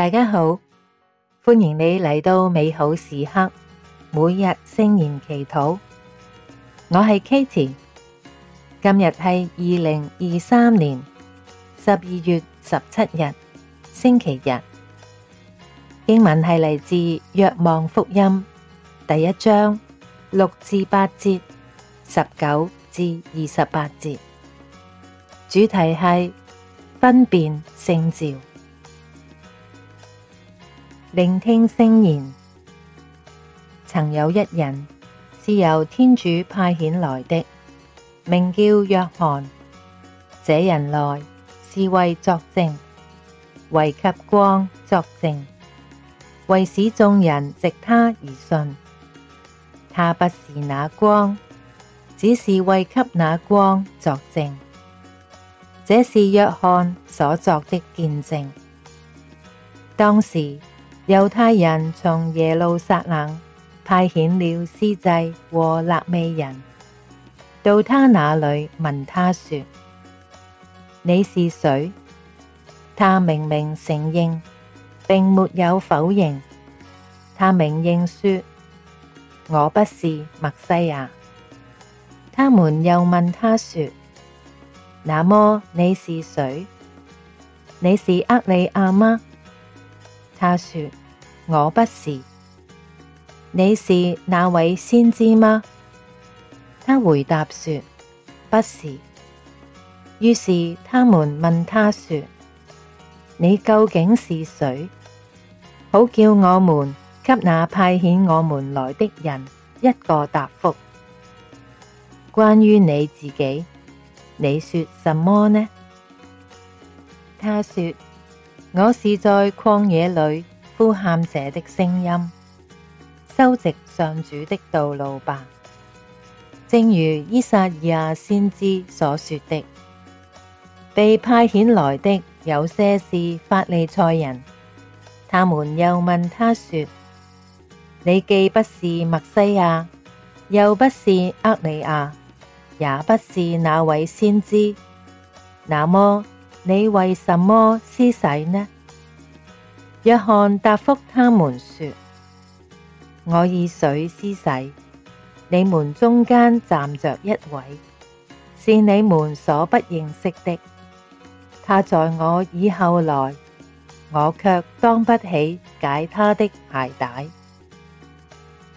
大家好，歡迎你嚟到美好時刻，每日聖言祈禱。我係 Katie，今日係二零二三年十二月十七日星期日。經文係嚟自《若望福音》第一章六至八節，十九至二十八節。主題係分辨聖召。聆聽聖言，曾有一人，是由天主派遣來的，名叫若翰。這人來，是為作證，為給光作證，為使眾人藉他而信。他不是那光，只是為給那光作證。這是若翰所作的見證。當時，猶太人從耶路撒冷派遣了司祭和肋未人到他那裏，問他說：你是誰？他明明承認，並沒有否認。他明認說：我不是默西亞。他們又問他說：那麼你是誰？你是厄里亞嗎？他說：我不是，你是那位先知嗎？他回答說：不是。於是他們問他說：你究竟是誰？好叫我們給那派遣我們來的人一個答覆。關於你自己，你說什麼呢？他說。我是在曠野裏呼喊者的聲音，修直上主的道路吧，正如依撒意亞先知所說的。被派遣來的有些是法利賽人，他們又問他說：你既不是默西亞，又不是厄里亞，也不是那位先知，那麼，你為什麼施洗呢？若翰答覆他們說：我以水施洗，你們中間站着一位，是你們所不認識的，他在我以後來，我卻當不起解他的鞋帶。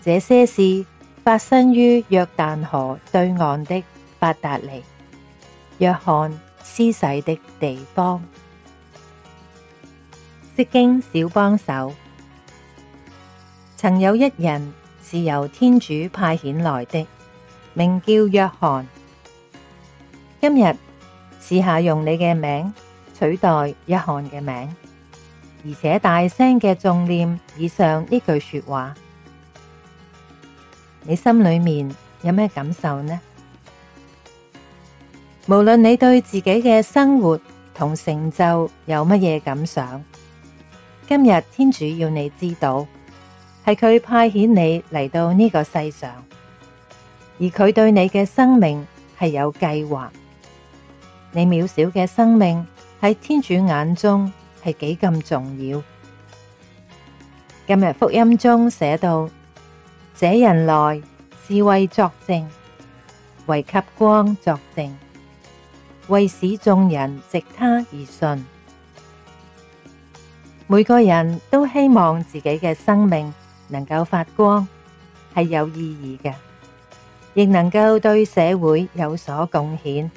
這些事發生於約但河對岸的伯達尼，若翰施洗的地方，釋經小幫手，曾有一人是由天主派遣來的，名叫若翰。今日試下用你嘅名取代若翰嘅名，而且大聲嘅重念以上呢句說話，你心裏面有咩感受呢？無論你對自己嘅生活同成就有乜嘢感想，今日天主要你知道，係佢派遣你嚟到呢個世上，而佢對你嘅生命係有計劃。你渺小嘅生命喺天主眼中係幾咁重要？今日福音中寫到：這人來，是為作證，為給光作證。為使眾人藉他而信，每個人都希望自己嘅生命能夠發光，係有意義嘅，亦能夠對社會有所貢獻。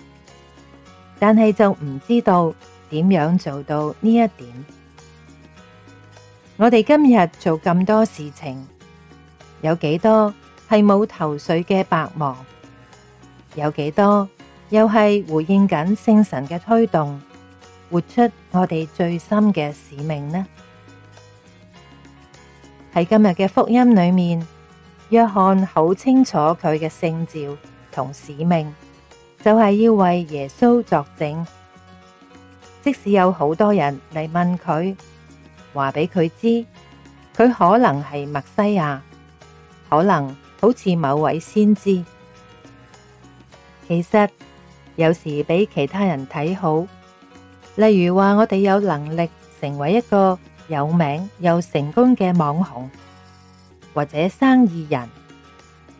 但係就唔知道點樣做到呢一點。我哋今日做咁多事情，有幾多係冇頭緒嘅白忙，有幾多，又係回應緊聖神嘅推動，活出我哋最深嘅使命呢？喺今日嘅福音裏面，若翰好清楚佢嘅聖召同使命，就係、是、要為耶穌作證。即使有好多人嚟問佢，話俾佢知，佢可能係默西亞，可能好似某位先知，其實。有時俾其他人睇好，例如話我哋有能力成為一個有名又成功嘅網紅，或者生意人，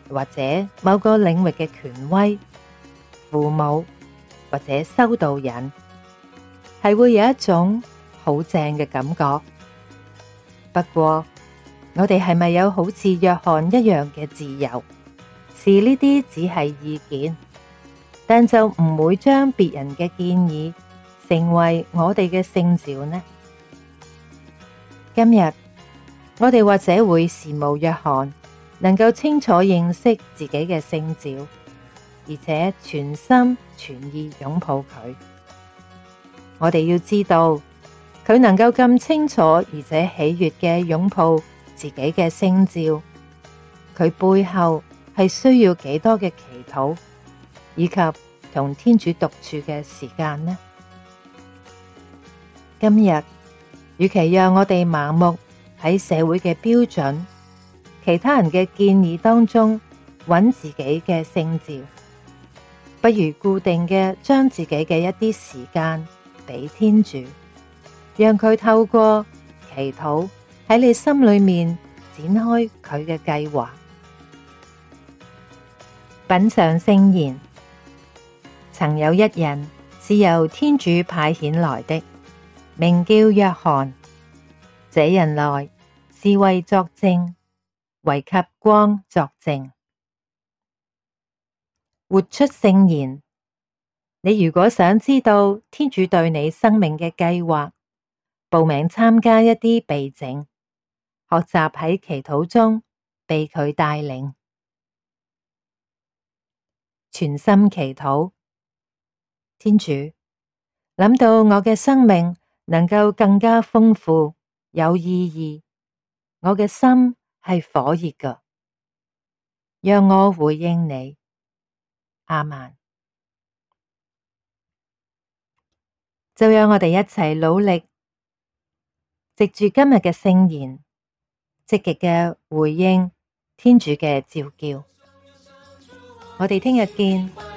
或者某個領域嘅權威、父母或者修道人，係會有一種好正嘅感覺。不過我哋係咪有好似若翰一樣嘅自由？視呢啲只係意見。但就唔會將別人嘅建議成為我哋嘅聖召呢？今日我哋或者會羨慕若翰能夠清楚認識自己嘅聖召，而且全心全意擁抱佢。我哋要知道佢能夠咁清楚而且喜悅嘅擁抱自己嘅聖召，佢背後係需要幾多嘅祈禱。以及同天主獨處嘅時間呢？今日與其讓我哋盲目喺社會嘅標準、其他人嘅建議當中揾自己嘅聖召，不如固定嘅將自己嘅一啲時間畀天主，讓佢透過祈禱喺你心裏面展開佢嘅計劃。品嘗聖言。曾有一人，是由天主派遣來的，名叫若翰。這人來，是為作證，為給光作證。活出聖言。你如果想知道天主對你生命嘅計劃，報名參加一啲避靜，學習喺祈禱中被佢帶領，全心祈禱。天主，諗到我嘅生命能夠更加豐富有意義，我嘅心係火熱噶，讓我回應你。阿曼，就讓我哋一齊努力，藉住今日嘅聖言，積極嘅回應天主嘅召叫。我哋聽日見。